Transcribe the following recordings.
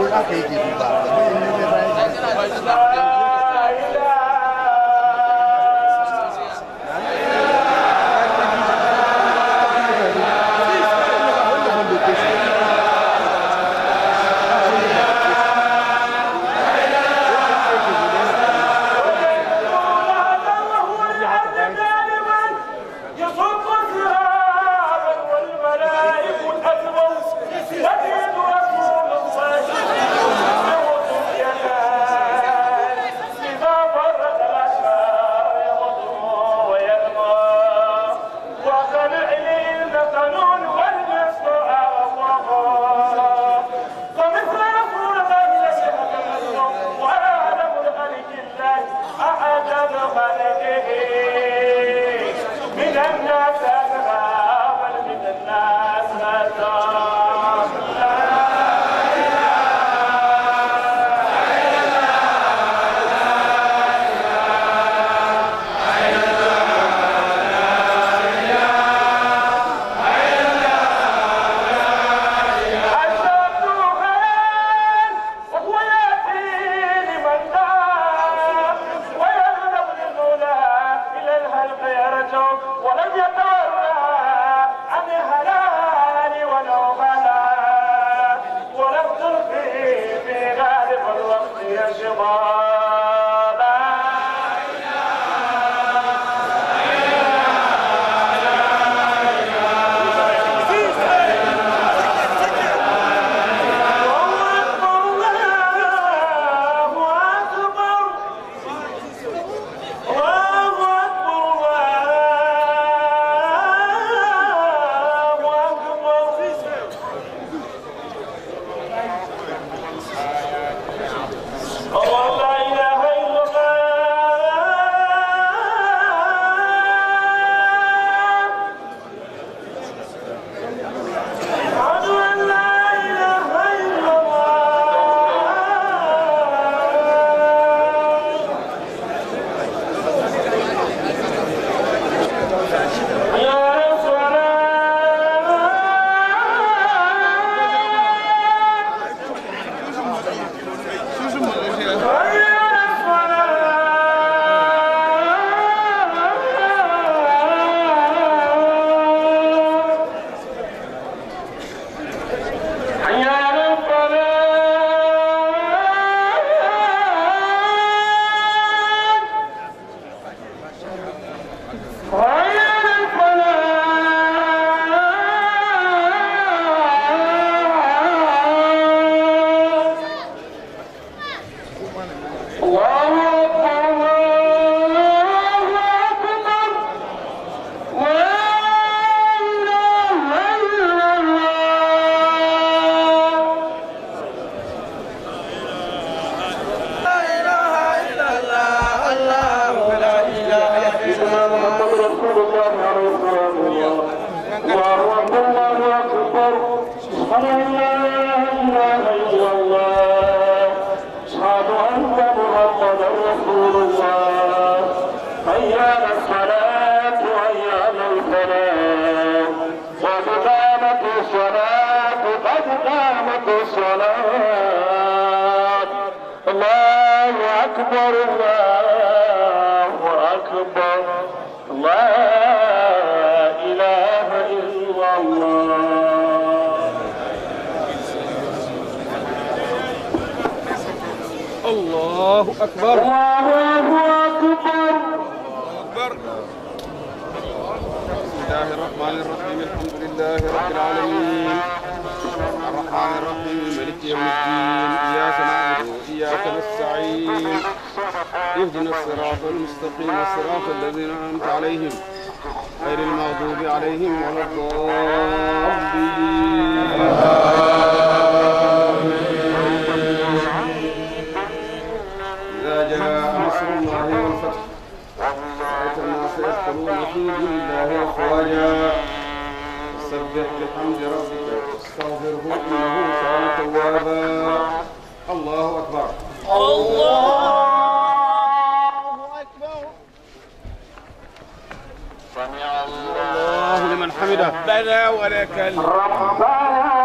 Por que que não أكبر الله أكبر لا إله إلا الله الله أكبر الله أكبر أكبر بسم الله الرحمن الرحيم الحمد لله رب العالمين الرحمن الرحيم ملك يوم الدين إياك نعبد وإياك نستعين اهدنا الصراط المستقيم صراط الذين أنعمت عليهم غير المغضوب عليهم ولا الضالين إذا جاء نصر الله والفتح رأيت الناس يدخلون في دين الله أفواجا فسبح بحمد ربك واستغفره إنه كان توابا الله أكبر الله سمع الله لمن حمده ربنا ولك الحمد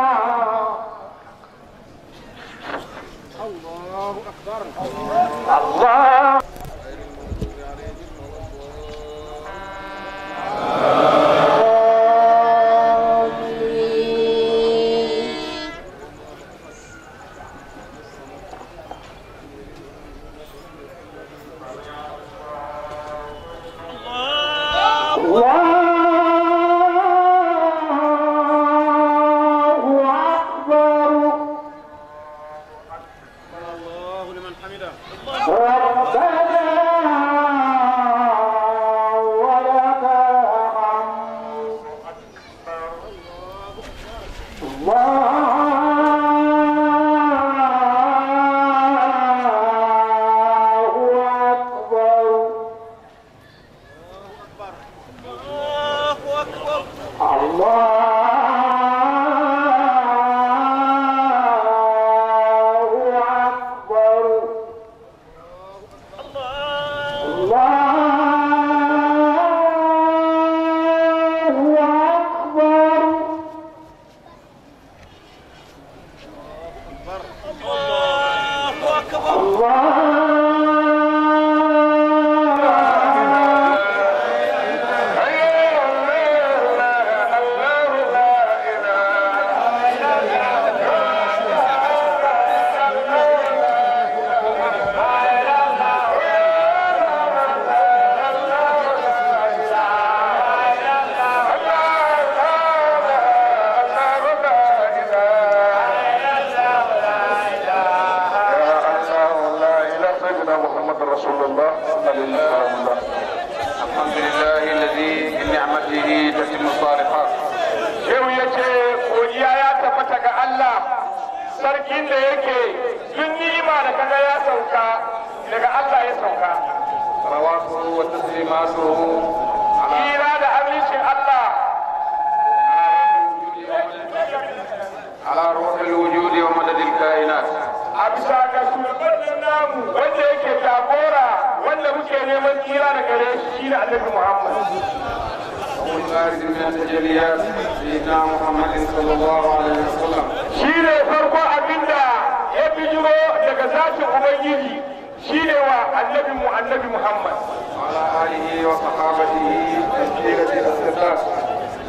alaihi shine wa annabi mu annabi Muhammad ala alihi wa sahabatihi tajiratil istifas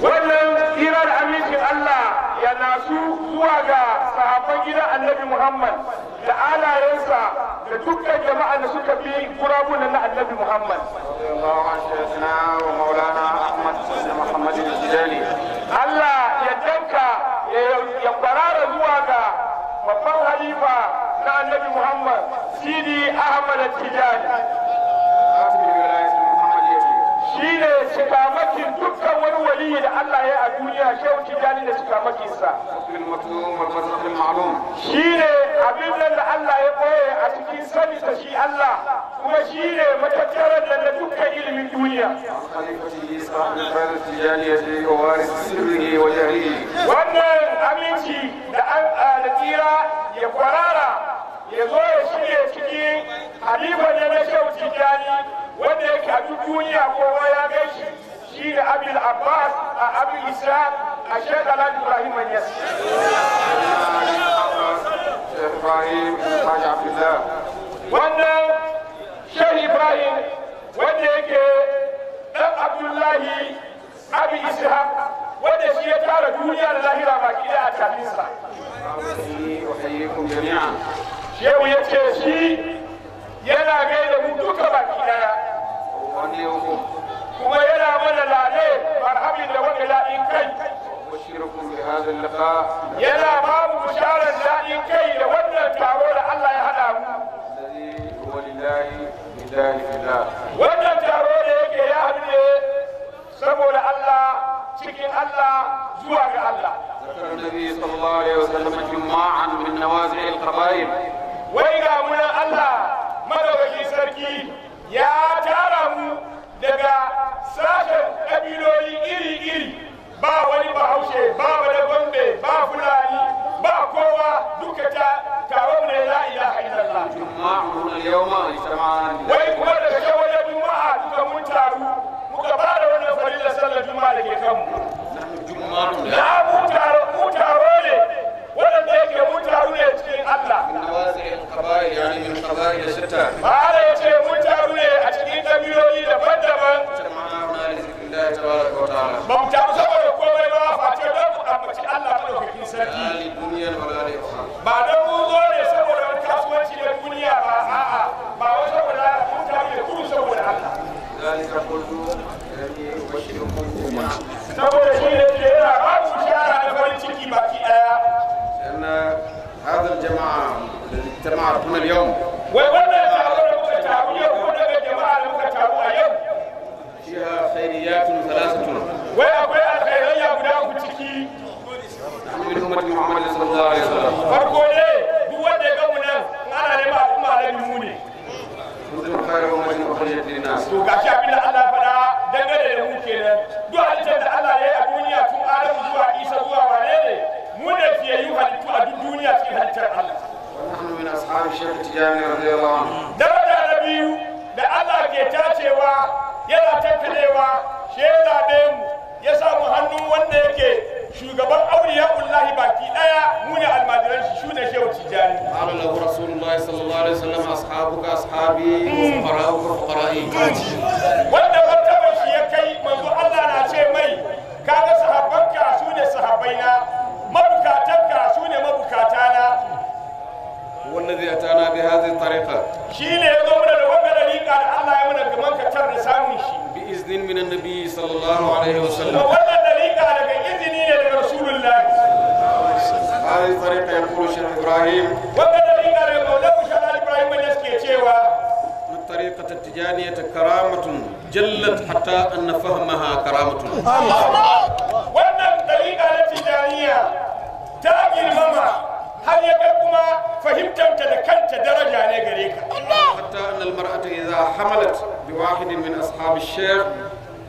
wannan kirar amincin Allah ya nasu zuwa ga sahabban gidan annabi Muhammad da alayensa da dukkan jama'a da suka bi kurabunan na annabi Muhammad Allah ya danka ya kwarara zuwa ga babban halifa ta annabi muhammad sidi ahmad tijani shi ne shikamakin dukkan wani da allah ya a duniya shehu tijani da shikamakinsa shi ne abin nan da allah ya koye a cikin sanisa shi allah kuma shi ne matattaran nan da dukkan ilimin duniya wannan aminci da tsira ya kwarara Yanzu zo ya shige ciki halifa ne na shehu tijjani wanda yake a duk duniya kowa ya gai shi shi da abil abbas a abil Isra a shek alhaji ibrahim anyas wannan shehu ibrahim wanda yake dan abdullahi abi ishaq wanda shi ya tara duniya da lahira baki da a tafinsa shehu ya ce shi yana gaida mu duka baki daya kuma yana mana lale marhabin da wani la'in kai yana ba mu bisharar la'in kai da wannan taro da Allah ya hada mu wannan taro da yake ya haɗu ne saboda Allah cikin Allah zuwa ga Allah. Zakar Nabi sallallahu alaihi wasallam juma'an min nawazi'il qaba'il wai ga munan Allah madaukakin sarki ya tara mu daga sashen ƙabiloli iri-iri ba wani bahaushe ba wani gombe ba fulani ba kowa duka ta taron ne la ilaha illallah wai kuma daga kyau wajen juma'a duka mun taru muka fara wannan farilla sallar juma'a da ke kanmu na mun taru Tá. kuntum khayra ala ukhrijat lin to gashi abin da Allah fada dangane da mu kenan duk halittar da Allah ya yi a duniya tun Adam zuwa Isa zuwa wane ne mu ne fiyayyu halittu a duk duniya cikin halittar Allah ke من أصحاب الشيخ التجاني رضي الله عنه. yana tattalewa shi ya zaɓe mu ya samu hannu wanda yake shugaban ya ullahi baki daya mu ne almajiran shi shune shehu tijani qala lahu rasulullahi sallallahu alaihi wasallam ashabuka ashabi fuqara'uka fuqara'i wanda martaban shi ya kai manzo Allah na ce mai kaga sahabbanka shune sahabbaina mabukatanka shune mabukatana والذي اتانا بهذه الطريقه شيل يزوم من الوقت اللي قال الله من النبي صلى الله عليه وسلم zikru إبراهيم ibrahim waɗanda dinga da maulahu shekh الطريقة التجانية كرامة جلت حتى أن فهمها كرامة وأن الطريقة التجانية تاجي الماما هل يكما فهمت أنت ذكرت درجة نجريك حتى أن المرأة إذا حملت بواحد من أصحاب الشيخ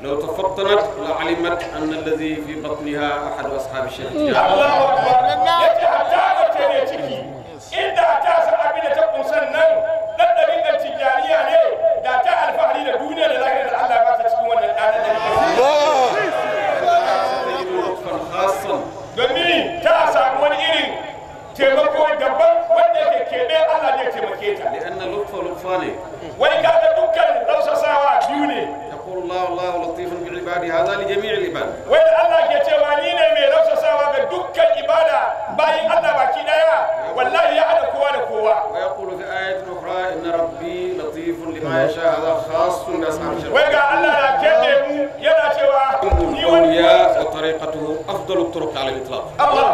لو تفطنت لعلمت أن الذي في بطنها أحد أصحاب الشيخ الله أكبر taimako daban wanda ke keɓe Allah zai taimake ta da anna lutfa lutfa ne wai ga da dukkan lausasawa biyu ne yaqulu Allah Allah latifun bi ibadi hadha li jami' al ibad wai Allah ke cewa ni ne mai lausasawa ga dukkan ibada bayin Allah baki daya wallahi ya hada kowa da kowa wa yaqulu fi ayatin ukhra inna rabbi latifun lima yasha hadha khassun bi ashab wai ga Allah ya kebe mu yana cewa ni wani ya wa tariqatuhu afdalu turuq ala al itlaq Allah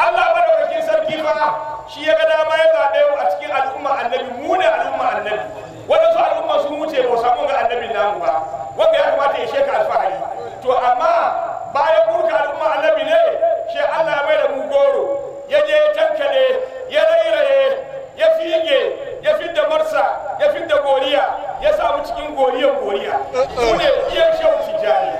Allah ba shi ya ga dama ya zaɓe mu a cikin al'umma annabi mu ne al'umma annabi su al'umma sun wuce ba samu ga annabi namu ba wanda ya kamata ya sheka alfahari to amma bayan burka al'umma annabi ne shi Allah bai da mu goro ya je ya tankale ya rairaye ya fiye ya fidda marsa ya fidda goriya ya samu cikin goriyan goriya mu ne iya shauki jari.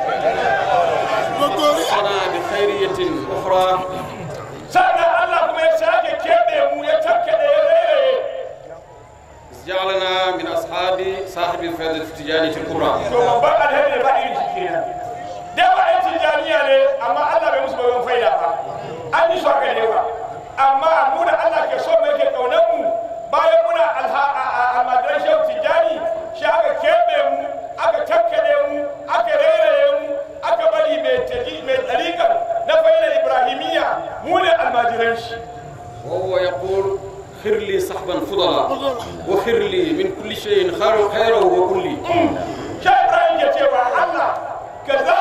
جعلنا min أصحاب صاحب الفائدة tijani الكبرى. kubra to babban alheri ba irin shi kenan ba tijaniya ne amma Allah bai musu faida ba an ne ba amma mu da Allah ke so mu yake mu bayan muna almadan shehu tijani shi aka mu aka mu aka mu aka bari mai na ibrahimiyya mu ne خير لي صحبا فضلا وخير لي من كل شيء خير خيره وكلي شبرا يتيبع الله كذا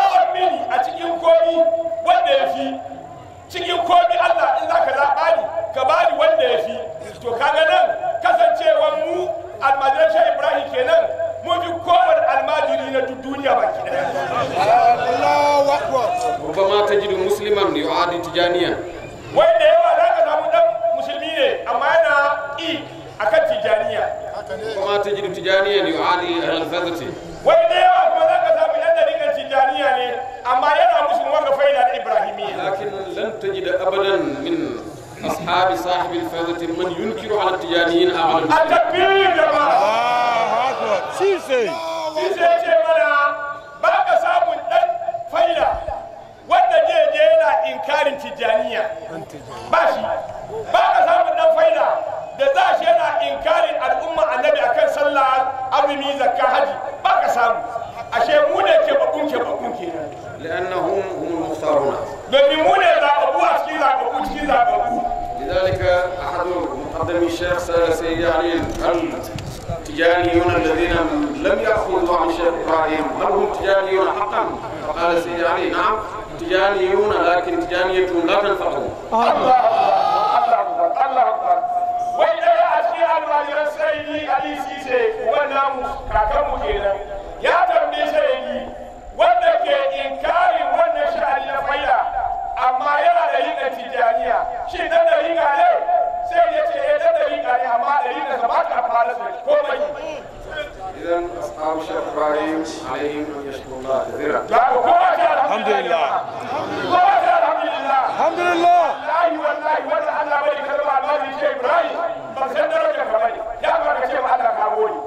اصحاب الشيخ ابراهيم عليهم ان الله كثيرا الحمد لله الحمد لله الحمد لله والله والله ولا على بالي كلمه على بالي شيء ابراهيم بس انا رجع فمالي يا بركه شيء على كابوني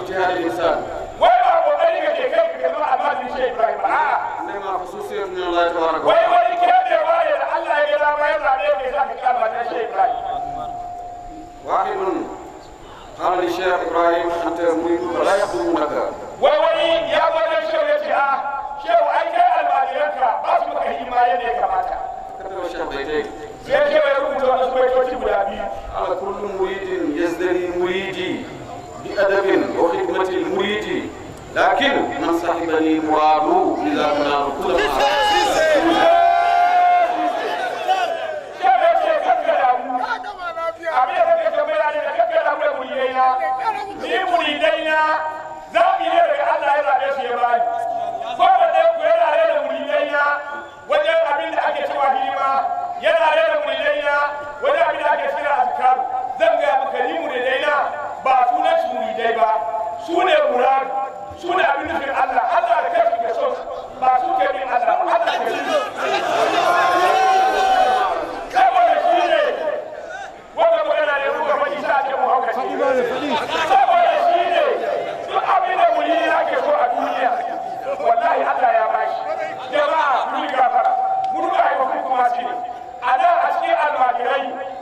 اجتهاد الانسان وين ابو ذلك كيف كلمه على بالي شيء ابراهيم اه انما خصوصيه من الله تبارك وتعالى وين كيف الله يلا ما يلا عليك ذاك كلمه ابراهيم واحد قال للشيخ ابراهيم انت مريد فلا يخدمونك وي يا ولد شو يجي شو اي كان الماليكا بس مكهي ما يدي كماتا sai ke ya rubuta wasu baitoci guda biyu ala kullu muridin yazdari muridi bi adabin wa khidmatil muridi lakin man sahibani muradu idza kana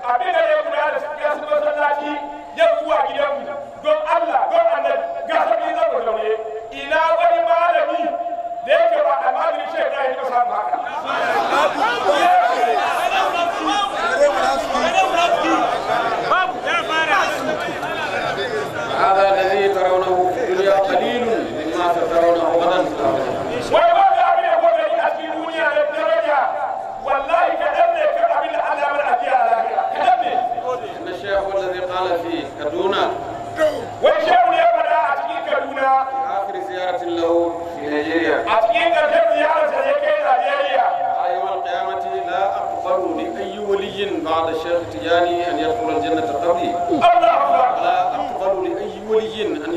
I've been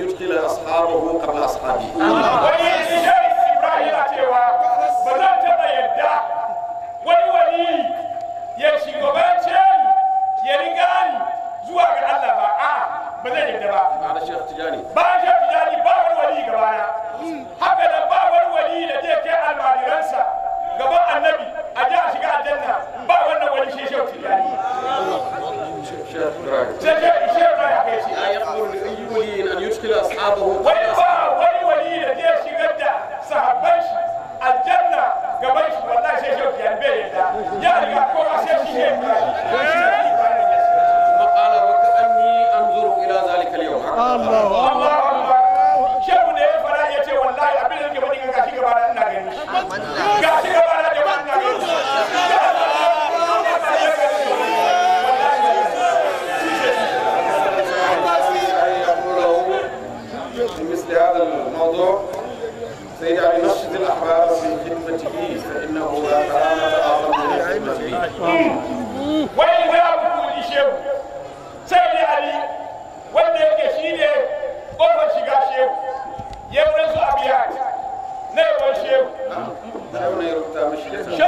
يدخل أصحابه قبل أصحابه Show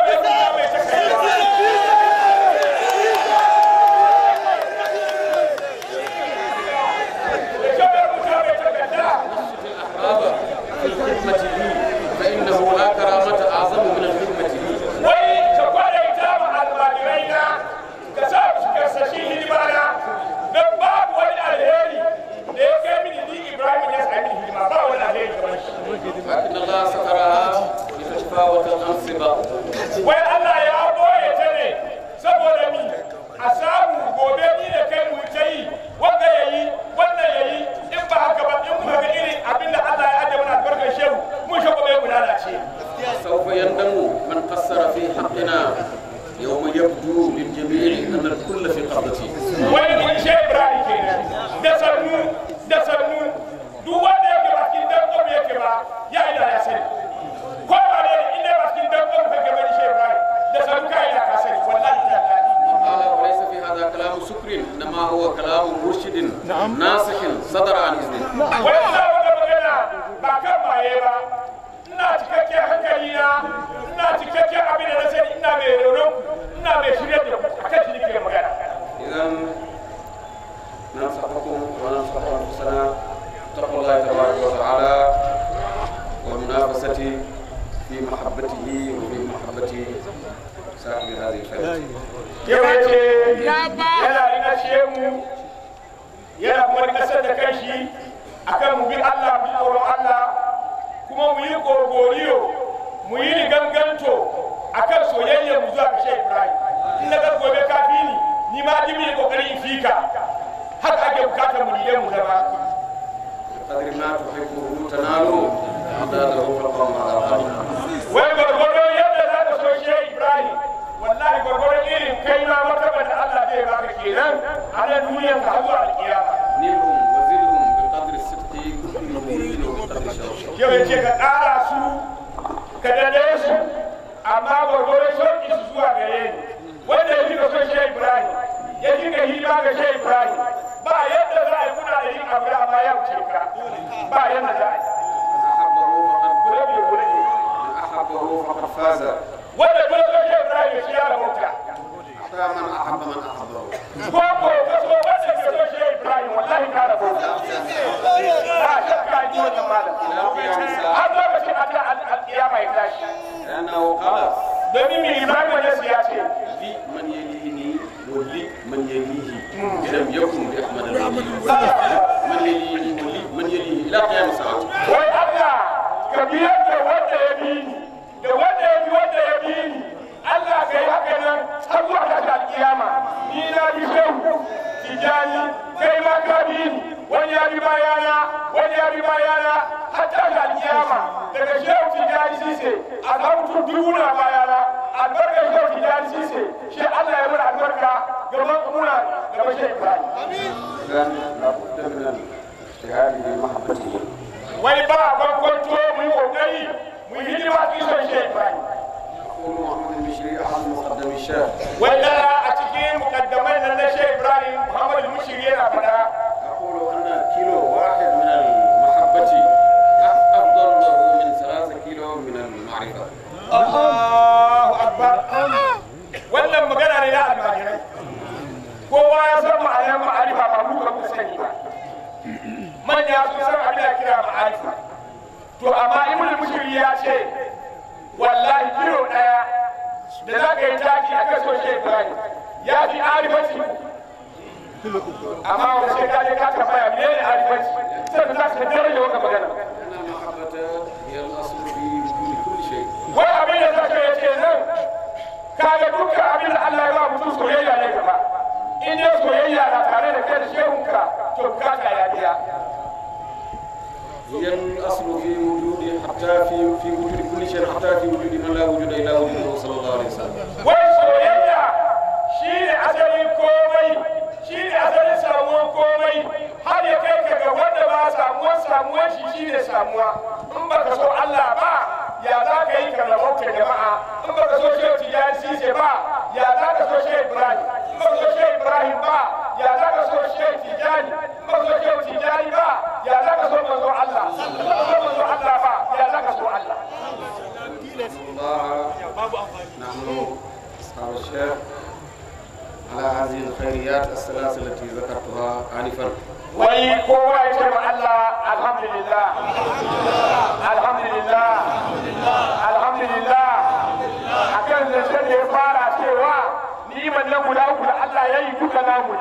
يليه لم يكن لأحمد من يليه من يليه إلى قيام الساعة ويأبنى كبيرك وجه يمين وجه يمين وجه يمين Allah ga yi haka nan har zuwa ta ta kiyama ni na wani ya bi baya wani ya bi baya na ta ta kiyama daga shehu ki jani sise a kan tu albarkar yau ci sise shi Allah ya muna albarka gama kuna gama shi Ibrahim wai ba gwagwato mu yi kokari mu yi hidima cikin son shi Ibrahim wai da a cikin mukaddamai nan na shi Ibrahim Muhammad Mushiri yana fada kilo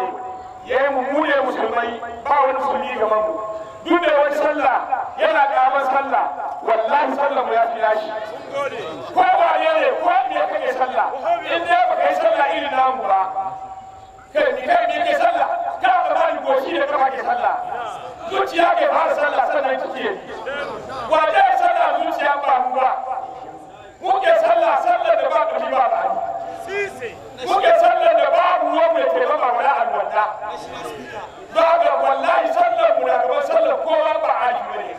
ne ya mu mu musulmai ba wani musulmi ga mamu. duk da wani sallah yana karamar sallah wallahi sallah mu ya fi nashi ko ba ne ne ko ne ka yi sallah in dai ba kai sallah irin namu ba kai ni kai ni ke sallah ka ba ba ni goshi da kafa ke sallah zuciya ke fara sallah sannan kike wa dai sallah zuciya ba mu ba muke sallah sallar da ba ƙarfi ba ba muke sallar da ba ruwa mai taimaka mana alwala ba ga wallahi sallar mu na gaban sallar kowa ba aji ba ne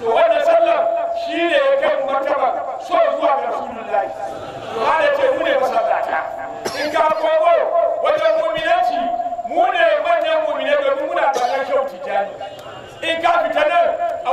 to wannan sallar shine ya kai mu martaba so zuwa ga rasulullahi ba da ce mu ne masallata in ka komo wajen muminanci mu ne manyan mumine domin muna tsanar kyau tijani in ka fita nan